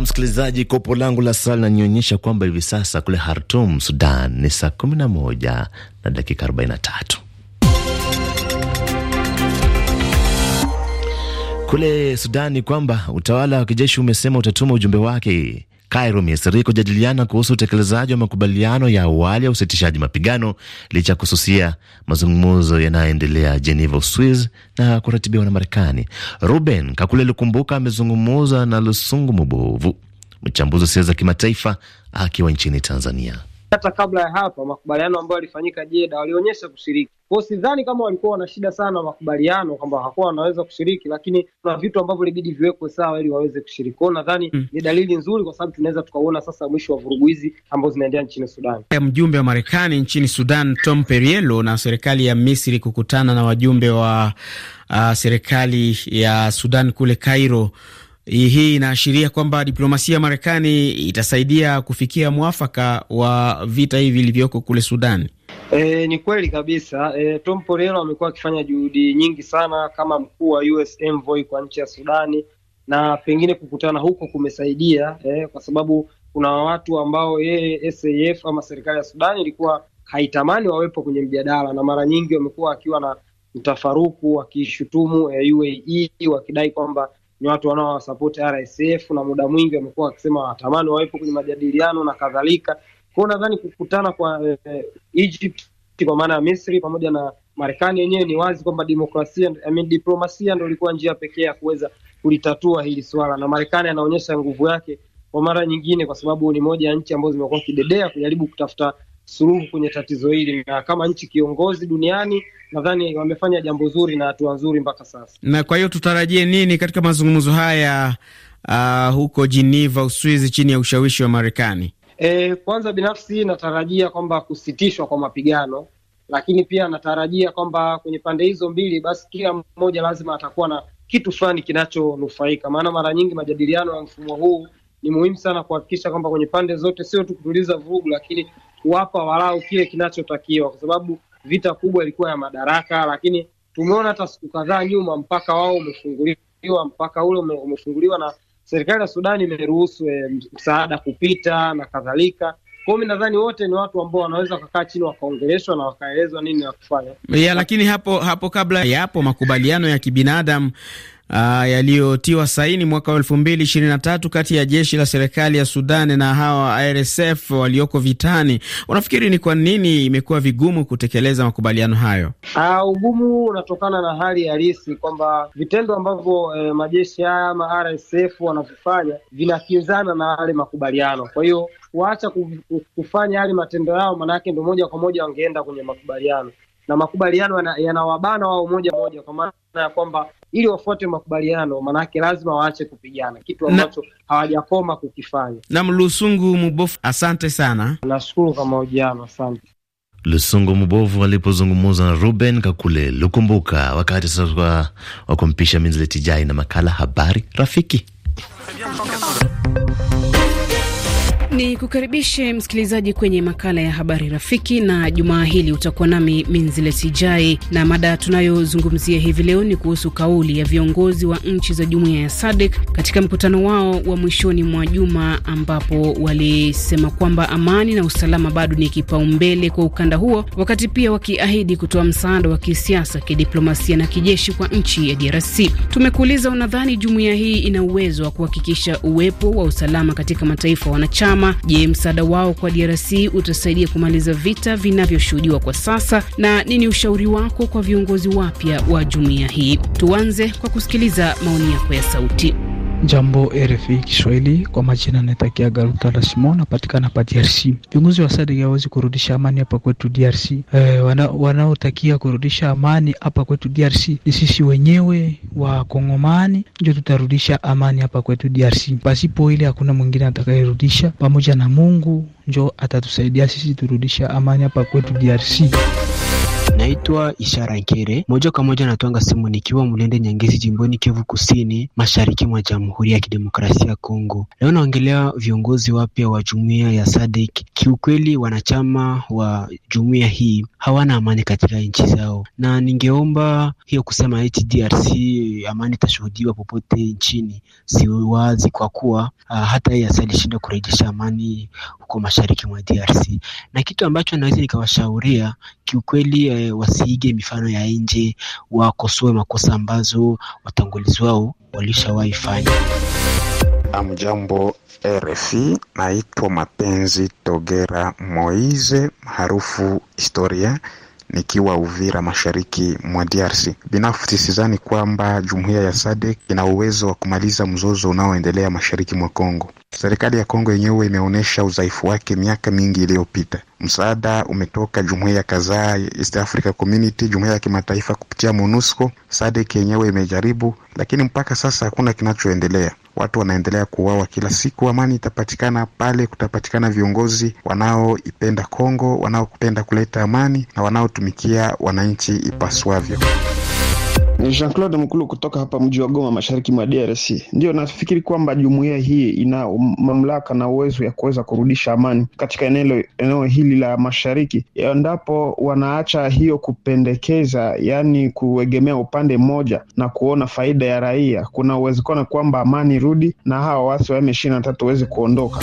msikilizaji, kopo langu la saa linanionyesha kwamba hivi sasa kule Hartum, Sudan ni saa 11 na dakika 43. Kule Sudani kwamba utawala wa kijeshi umesema utatuma ujumbe wake Cairo, Misri, kujadiliana kuhusu utekelezaji wa makubaliano ya awali ya usitishaji mapigano licha ya kususia mazungumzo yanayoendelea Geneva, Uswiz, na kuratibiwa na Marekani. Ruben Kakule likumbuka amezungumuza na Lusungu Mubovu, mchambuzi wa siasa za kimataifa akiwa nchini Tanzania hata kabla ya hapa makubaliano ambayo yalifanyika Jeda walionyesha kushiriki. Kwa hiyo sidhani kama walikuwa wana shida sana makubaliano kwamba hakuwa wanaweza kushiriki, lakini kuna vitu ambavyo ilibidi viwekwe sawa ili waweze kushiriki. Kwa hiyo nadhani mm, ni dalili nzuri, kwa sababu tunaweza tukauona sasa mwisho wa vurugu hizi ambazo zinaendelea nchini Sudan. Eh, mjumbe wa Marekani nchini Sudan Tom Perriello na serikali ya Misri kukutana na wajumbe wa uh, serikali ya Sudan kule Cairo hii inaashiria kwamba diplomasia ya Marekani itasaidia kufikia mwafaka wa vita hivi vilivyoko kule Sudan. E, ni kweli kabisa. E, Tom porelo amekuwa akifanya juhudi nyingi sana kama mkuu wa US envoy kwa nchi ya Sudani, na pengine kukutana huko kumesaidia e, kwa sababu kuna watu ambao yeye SAF ama serikali ya Sudani ilikuwa haitamani wawepo kwenye mjadala, na mara nyingi wamekuwa wakiwa na mtafaruku wakishutumu e, UAE wakidai kwamba ni watu wanaowasapoti RSF na muda mwingi wamekuwa wakisema watamani wawepo kwenye majadiliano na kadhalika. Kwao nadhani kukutana kwa eh, Egypt kwa maana ya Misri pamoja na Marekani yenyewe ni wazi kwamba demokrasia, I mean, diplomasia ndo ilikuwa njia pekee ya kuweza kulitatua hili swala, na Marekani anaonyesha nguvu yake kwa mara nyingine, kwa sababu ni moja ya nchi ambazo zimekuwa kidedea kujaribu kutafuta suluhu kwenye tatizo hili, na kama nchi kiongozi duniani nadhani wamefanya jambo zuri na hatua nzuri mpaka sasa. Na kwa hiyo tutarajie nini katika mazungumzo haya uh, huko Geneva, Uswizi, chini ya ushawishi wa Marekani? E, kwanza binafsi natarajia kwamba kusitishwa kwa mapigano, lakini pia natarajia kwamba kwenye pande hizo mbili basi kila mmoja lazima atakuwa na kitu fulani kinachonufaika, maana mara nyingi majadiliano ya mfumo huu ni muhimu sana kuhakikisha kwamba kwenye pande zote sio tu kutuliza vurugu, lakini kuwapa walau kile kinachotakiwa, kwa sababu vita kubwa ilikuwa ya madaraka, lakini tumeona hata siku kadhaa nyuma mpaka wao umefunguliwa, mpaka ule umefunguliwa na serikali ya Sudani imeruhusu eh, msaada kupita na kadhalika kwao hiyo nadhani wote ni watu ambao wanaweza wakakaa chini wakaongeleshwa na wakaelezwa nini ya kufanya. Yeah, lakini hapo hapo kabla yapo makubaliano ya kibinadamu uh, yaliyotiwa saini mwaka wa elfu mbili ishirini na tatu kati ya jeshi la serikali ya Sudan na hawa RSF walioko vitani. Unafikiri ni kwa nini imekuwa vigumu kutekeleza makubaliano hayo? Uh, ugumu unatokana na hali halisi kwamba vitendo ambavyo eh, majeshi haya ama RSF wanavyofanya vinakinzana na yale makubaliano, kwa hiyo waacha kufanya yale matendo yao, manake ndo moja kwa moja wangeenda kwenye makubaliano, na makubaliano yanawabana wao moja moja, kwa maana ya kwamba ili wafuate makubaliano, manake lazima waache kupigana, kitu ambacho hawajakoma kukifanya. Na Mlusungu Mubofu, asante sana, nashukuru kwa mahojiano, asante. Lusungu Mubovu alipozungumza na Ruben Kakule Lukumbuka. Wakati sasa wa kumpisha Jai na makala Habari Rafiki. Ni kukaribishe msikilizaji kwenye makala ya habari rafiki, na jumaa hili utakuwa nami Minziletijai, na mada tunayozungumzia hivi leo ni kuhusu kauli ya viongozi wa nchi za jumuiya ya sadik katika mkutano wao wa mwishoni mwa juma, ambapo walisema kwamba amani na usalama bado ni kipaumbele kwa ukanda huo, wakati pia wakiahidi kutoa msaada wa kisiasa, kidiplomasia na kijeshi kwa nchi ya DRC. Tumekuuliza, unadhani jumuiya hii ina uwezo wa kuhakikisha uwepo wa usalama katika mataifa wanachama je, msaada wao kwa DRC utasaidia kumaliza vita vinavyoshuhudiwa kwa sasa, na nini ushauri wako kwa viongozi wapya wa jumuiya hii? Tuanze kwa kusikiliza maoni yako ya sauti. Jambo RFI Kiswahili, kwa majina naitakia la Simon, napatikana pa DRC. Viongozi wa SADC hawezi kurudisha amani hapa kwetu DRC. E, eh, wanaotakia wana kurudisha amani hapa kwetu DRC ni sisi wenyewe wa Kongomani, ndio tutarudisha amani hapa kwetu DRC. Pasipo ile hakuna mwingine atakayerudisha, pamoja na Mungu njo atatusaidia sisi turudisha amani hapa kwetu DRC. Naitwa Ishara Nkere, moja kwa moja natwanga simu nikiwa Mlende Nyangezi, jimboni Kivu Kusini, mashariki mwa Jamhuri ya Kidemokrasia ya Kongo. Leo naongelea viongozi wapya wa jumuiya ya SADC. Kiukweli, wanachama wa jumuiya hii hawana amani katika nchi zao, na ningeomba hiyo kusema eti DRC amani itashuhudiwa popote nchini, si wazi kwa kuwa uh, hata yeye alishindwa kurejesha amani huko mashariki mwa DRC, na kitu ambacho naweza nikawashauria kiukweli eh, wasiige mifano ya nje, wakosoe makosa ambazo watangulizi wao walishawahi fanya. Amjambo RFI, naitwa Mapenzi Togera Moize maarufu Historia, nikiwa Uvira mashariki mwa DRC. Binafsi sidhani kwamba jumuiya ya SADC ina uwezo wa kumaliza mzozo unaoendelea mashariki mwa Kongo. Serikali ya Kongo yenyewe imeonyesha udhaifu wake miaka mingi iliyopita. Msaada umetoka jumuiya kadhaa, East Africa Community, jumuiya ya kimataifa kupitia MONUSCO. SADC yenyewe imejaribu, lakini mpaka sasa hakuna kinachoendelea. Watu wanaendelea kuuawa kila siku. Amani itapatikana pale kutapatikana viongozi wanaoipenda Kongo, wanaopenda kuleta amani na wanaotumikia wananchi ipaswavyo. Jean-Claude Mkulu kutoka hapa mji wa Goma, mashariki mwa DRC. Ndio nafikiri kwamba jumuiya hii ina mamlaka na uwezo ya kuweza kurudisha amani katika eneo, eneo hili la mashariki, endapo wanaacha hiyo kupendekeza, yaani kuegemea upande mmoja na kuona faida ya raia. Kuna uwezekano kwamba amani rudi na hawa wasi wa M ishirini na tatu waweze kuondoka.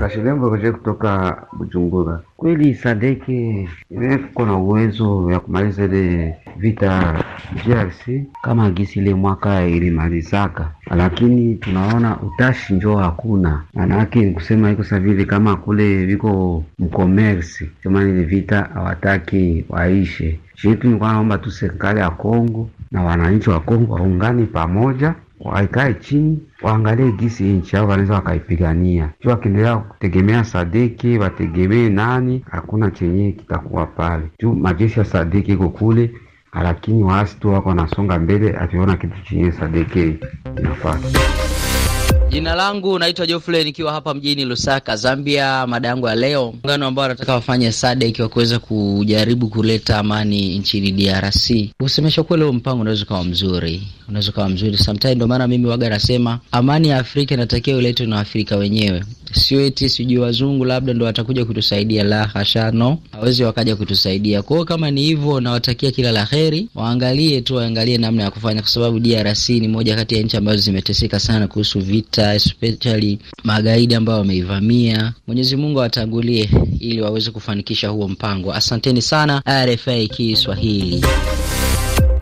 Kashilembo Roje kutoka Bujumbura. Kweli Sadeke imekuwa na uwezo ya kumaliza ile vita GRC kama gisi ile mwaka ilimalizaka, lakini tunaona utashi njo hakuna. Manake ni kusema iko savile kama kule viko mkomersi semani ile vita hawataki waishe. Shitu ni naomba tu serikali ya Kongo na wananchi wa Kongo waungani pamoja waikae chini waangalie gisi nchi yao wanaweza wakaipigania. Juu wakiendelea kutegemea sadiki wategemee nani? Hakuna chenye kitakuwa pale, juu majeshi ya sadiki iko kule, lakini waasi tu wako wanasonga mbele, akiona kitu chenye sadiki inafaa Jina langu naitwa Geoffrey nikiwa hapa mjini Lusaka, Zambia. Mada yangu ya leo, muungano ambao wanataka wafanye SADC wa kuweza kujaribu kuleta amani nchini DRC. Kusemesha kweli, huo mpango unaweza ukawa mzuri, unaweza ukawa mzuri sometimes. Ndio maana mimi waga nasema amani ya Afrika inatakiwa iletwe na Afrika wenyewe sio eti sijui wazungu labda ndo watakuja kutusaidia, la hasha, no, hawezi wakaja kutusaidia. Kwa hiyo kama ni hivyo, nawatakia kila la heri, waangalie tu, waangalie namna ya kufanya, kwa sababu DRC ni moja kati ya nchi ambazo zimeteseka sana kuhusu vita, especially magaidi ambao wameivamia. Mwenyezi Mungu awatangulie ili waweze kufanikisha huo mpango. Asanteni sana RFI Kiswahili.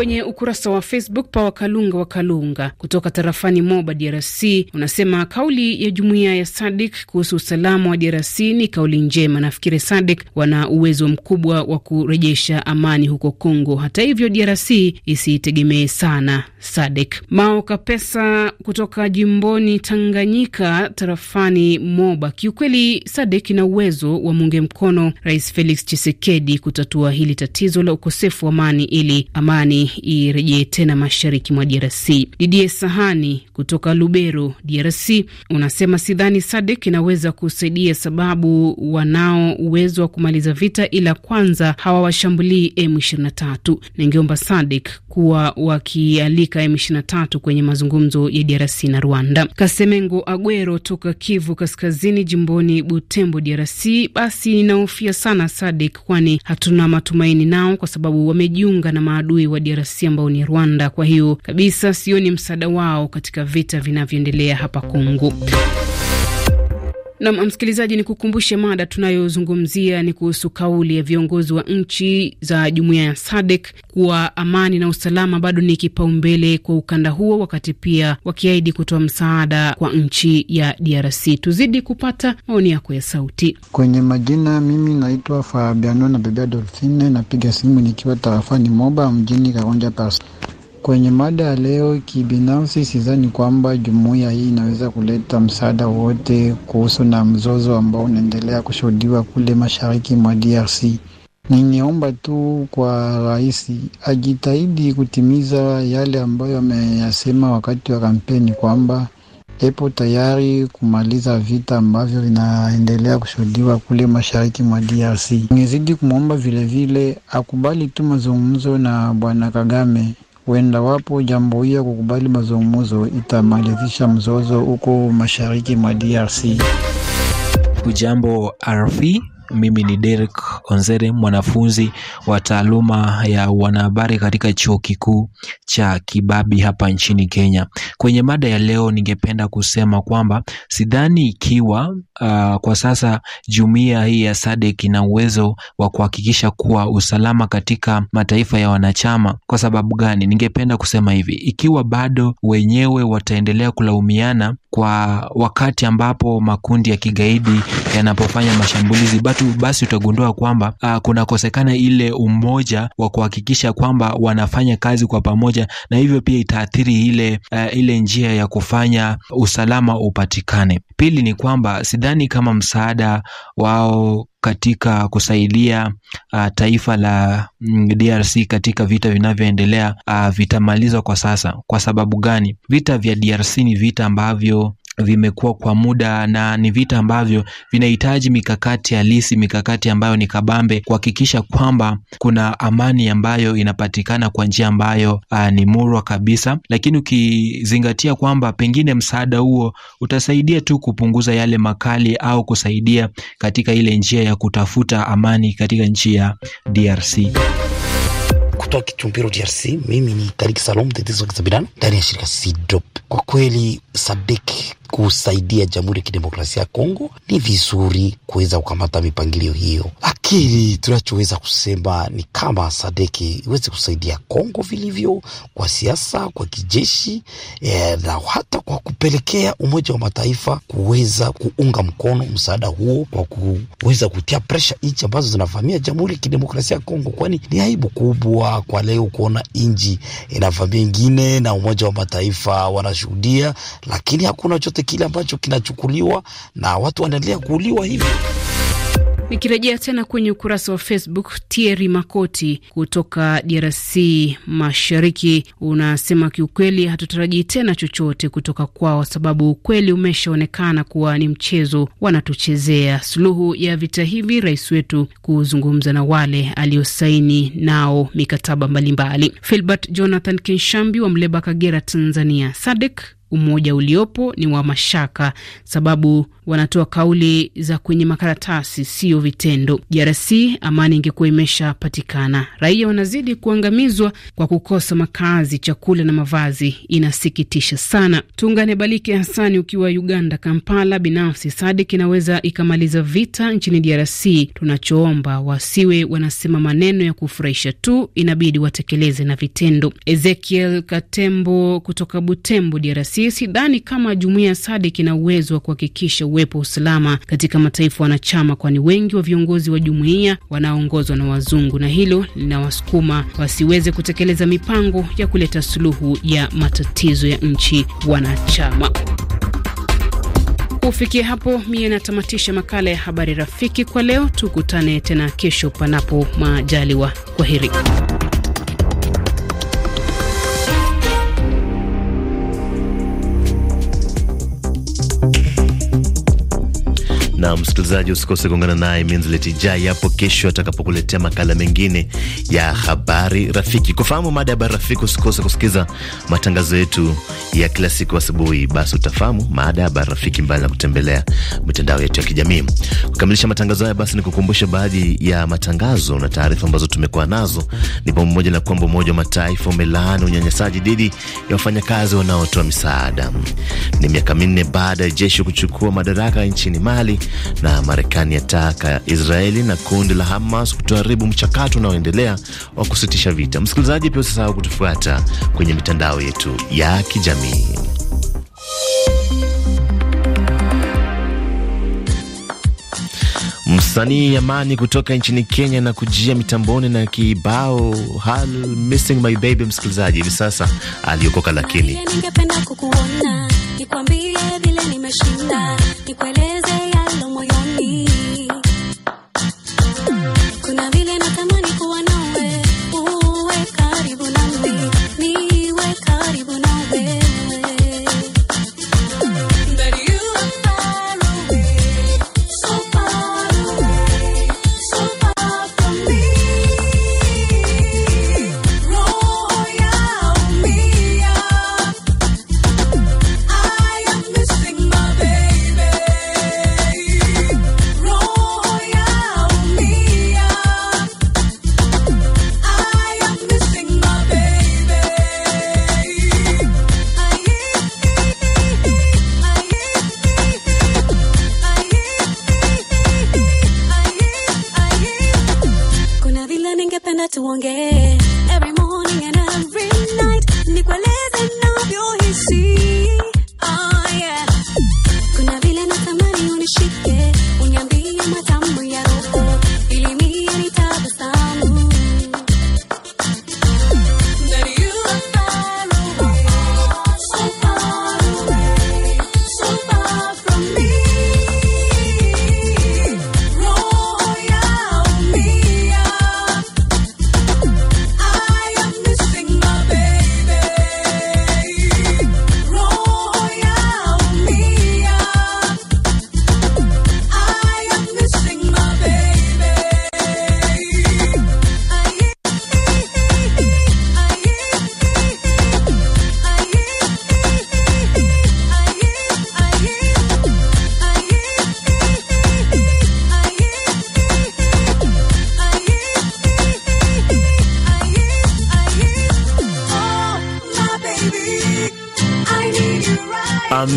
Kwenye ukurasa wa Facebook pa Wakalunga Wakalunga kutoka tarafani Moba, DRC, unasema kauli ya jumuiya ya SADIK kuhusu usalama wa DRC ni kauli njema. Nafikiri SADIK wana uwezo mkubwa wa kurejesha amani huko Kongo. Hata hivyo, DRC isitegemee sana SADIK. Mao Kapesa kutoka jimboni Tanganyika, tarafani Moba, kiukweli SADIK ina uwezo wa muunge mkono Rais Felix chisekedi kutatua hili tatizo la ukosefu wa amani ili amani irejee tena mashariki mwa DRC. Didie Sahani kutoka Lubero, DRC, unasema sidhani Sadek inaweza kusaidia sababu wanao uwezo wa kumaliza vita, ila kwanza hawawashambulii M23. Ningeomba Sadek kuwa wakialika M23 kwenye mazungumzo ya DRC na Rwanda. Kasemengo Agwero toka Kivu Kaskazini, jimboni Butembo, DRC, basi inaofia sana Sadek, kwani hatuna matumaini nao kwa sababu wamejiunga na maadui wa DRC DRC ambao ni Rwanda. Kwa hiyo kabisa sioni msaada wao katika vita vinavyoendelea hapa Kongo. Nam msikilizaji, ni kukumbushe mada tunayozungumzia ni kuhusu kauli ya viongozi wa nchi za jumuiya ya SADC kuwa amani na usalama bado ni kipaumbele kwa ukanda huo, wakati pia wakiahidi kutoa msaada kwa nchi ya DRC. Tuzidi kupata maoni yako ya sauti kwenye majina. Mimi naitwa Fabiano na Bebea Dolfine, napiga simu nikiwa tarafani Moba mjini Karonja pas Kwenye mada ya leo, kibinafsi sidhani kwamba jumuiya hii inaweza kuleta msaada wote kuhusu na mzozo ambao unaendelea kushuhudiwa kule mashariki mwa DRC. Ningeomba tu kwa rais ajitahidi kutimiza yale ambayo ameyasema wakati wa kampeni kwamba epo tayari kumaliza vita ambavyo vinaendelea kushuhudiwa kule mashariki mwa DRC. Ningezidi kumwomba vilevile akubali tu mazungumzo na bwana Kagame wapo jambo hiyo kukubali mazungumzo itamalizisha mzozo huko mashariki mwa DRC. Ujambo RFI, mimi ni Derek Onzere, mwanafunzi wa taaluma ya wanahabari katika chuo kikuu cha Kibabi hapa nchini Kenya. Kwenye mada ya leo, ningependa kusema kwamba sidhani ikiwa uh, kwa sasa jumuiya hii ya SADC ina uwezo wa kuhakikisha kuwa usalama katika mataifa ya wanachama. Kwa sababu gani? Ningependa kusema hivi, ikiwa bado wenyewe wataendelea kulaumiana kwa wakati ambapo makundi ya kigaidi yanapofanya mashambulizi batu, basi utagundua kwamba ah, kunakosekana ile umoja wa kuhakikisha kwamba wanafanya kazi kwa pamoja, na hivyo pia itaathiri ile, a, eh, ile njia ya kufanya usalama upatikane. Pili ni kwamba sidhani kama msaada wao katika kusaidia uh, taifa la mm, DRC katika vita vinavyoendelea uh, vitamalizwa kwa sasa. Kwa sababu gani? Vita vya DRC ni vita ambavyo vimekuwa kwa muda na ni vita ambavyo vinahitaji mikakati halisi, mikakati ambayo ni kabambe kuhakikisha kwamba kuna amani ambayo inapatikana kwa njia ambayo uh, ni murwa kabisa, lakini ukizingatia kwamba pengine msaada huo utasaidia tu kupunguza yale makali au kusaidia katika ile njia ya kutafuta amani katika nchi ya DRC. Kutoka Kitumbiro, DRC, mimi ni Tariki Salom, mtetezi za binadamu ndani ya shirika SIDOP. Kwa kweli Sadik kusaidia Jamhuri ya Kidemokrasia ya Kongo, ni vizuri kuweza kukamata mipangilio hiyo, lakini tunachoweza kusema ni kama Sadeki iweze kusaidia Kongo vilivyo kwa siasa, kwa kijeshi e, na hata kwa kupelekea Umoja wa Mataifa kuweza kuunga mkono msaada huo kwa kuweza kutia presha nchi ambazo zinavamia Jamhuri ya Kidemokrasia ya Kongo, kwani ni aibu kubwa kwa leo kuona nchi inavamia ingine na Umoja wa Mataifa wanashuhudia lakini hakuna chochote kile ambacho kinachukuliwa na watu wanaendelea kuuliwa hivi. Nikirejea tena kwenye ukurasa wa Facebook, Thierry Makoti kutoka DRC Mashariki unasema kiukweli, hatutarajii tena chochote kutoka kwao, sababu ukweli umeshaonekana kuwa ni mchezo wanatuchezea. Suluhu ya vita hivi, rais wetu kuzungumza na wale aliosaini nao mikataba mbalimbali. Filbert Jonathan Kinshambi wa Mleba, Kagera, Tanzania. Sadek umoja uliopo ni wa mashaka, sababu wanatoa kauli za kwenye makaratasi, sio vitendo. DRC amani ingekuwa imeshapatikana. Raia wanazidi kuangamizwa kwa kukosa makazi, chakula na mavazi. Inasikitisha sana. Tuungane Balike Hasani ukiwa Uganda, Kampala. Binafsi Sadik inaweza ikamaliza vita nchini DRC. Tunachoomba wasiwe wanasema maneno ya kufurahisha tu, inabidi watekeleze na vitendo. Ezekiel Katembo kutoka Butembo, DRC sidhani kama jumuia ya SADC ina uwezo wa kuhakikisha uwepo wa usalama katika mataifa wanachama, kwani wengi wa viongozi wa jumuia wanaongozwa na wazungu, na hilo linawasukuma wasiweze kutekeleza mipango ya kuleta suluhu ya matatizo ya nchi wanachama. Kufikia hapo, mie natamatisha makala ya habari rafiki kwa leo. Tukutane tena kesho, panapo majaliwa. Kwaheri. na msikilizaji, usikose kuungana naye Jai hapo kesho atakapokuletea makala mengine ya habari rafiki. Kufahamu mada ya habari rafiki, usikose kusikiza matangazo yetu ya kila siku asubuhi, basi utafahamu mada ya habari rafiki, mbali na kutembelea mitandao yetu ya kijamii. Kukamilisha matangazo haya, basi kukumbusha baadhi ya matangazo na taarifa ambazo tumekuwa nazo, ni pamoja na kwamba Umoja wa Mataifa umelaani unyanyasaji dhidi ya wafanyakazi wanaotoa misaada. Ni miaka minne baada ya jeshi kuchukua madaraka nchini Mali, na Marekani yataka Israeli na kundi la Hamas kutoharibu mchakato unaoendelea wa kusitisha vita. Msikilizaji, pia usisahau kutufuata kwenye mitandao yetu ya kijamii. Msanii Yamani kutoka nchini Kenya na kujia mitamboni na kibao hal missing my baby. Msikilizaji, hivi sasa aliokoka, lakini ningependa kukuona nikwambie vile nimeshinda Familia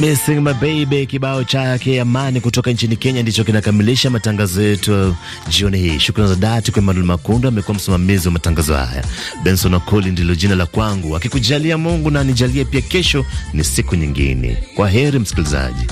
Missing my baby, kibao chake Amani kutoka nchini Kenya ndicho kinakamilisha matangazo yetu jioni hii. Shukrani za dhati kwa Emanuel Makundo, amekuwa msimamizi wa matangazo haya. Benson Okoli ndilo jina la kwangu, akikujalia Mungu na anijalie pia, kesho ni siku nyingine. Kwa heri msikilizaji.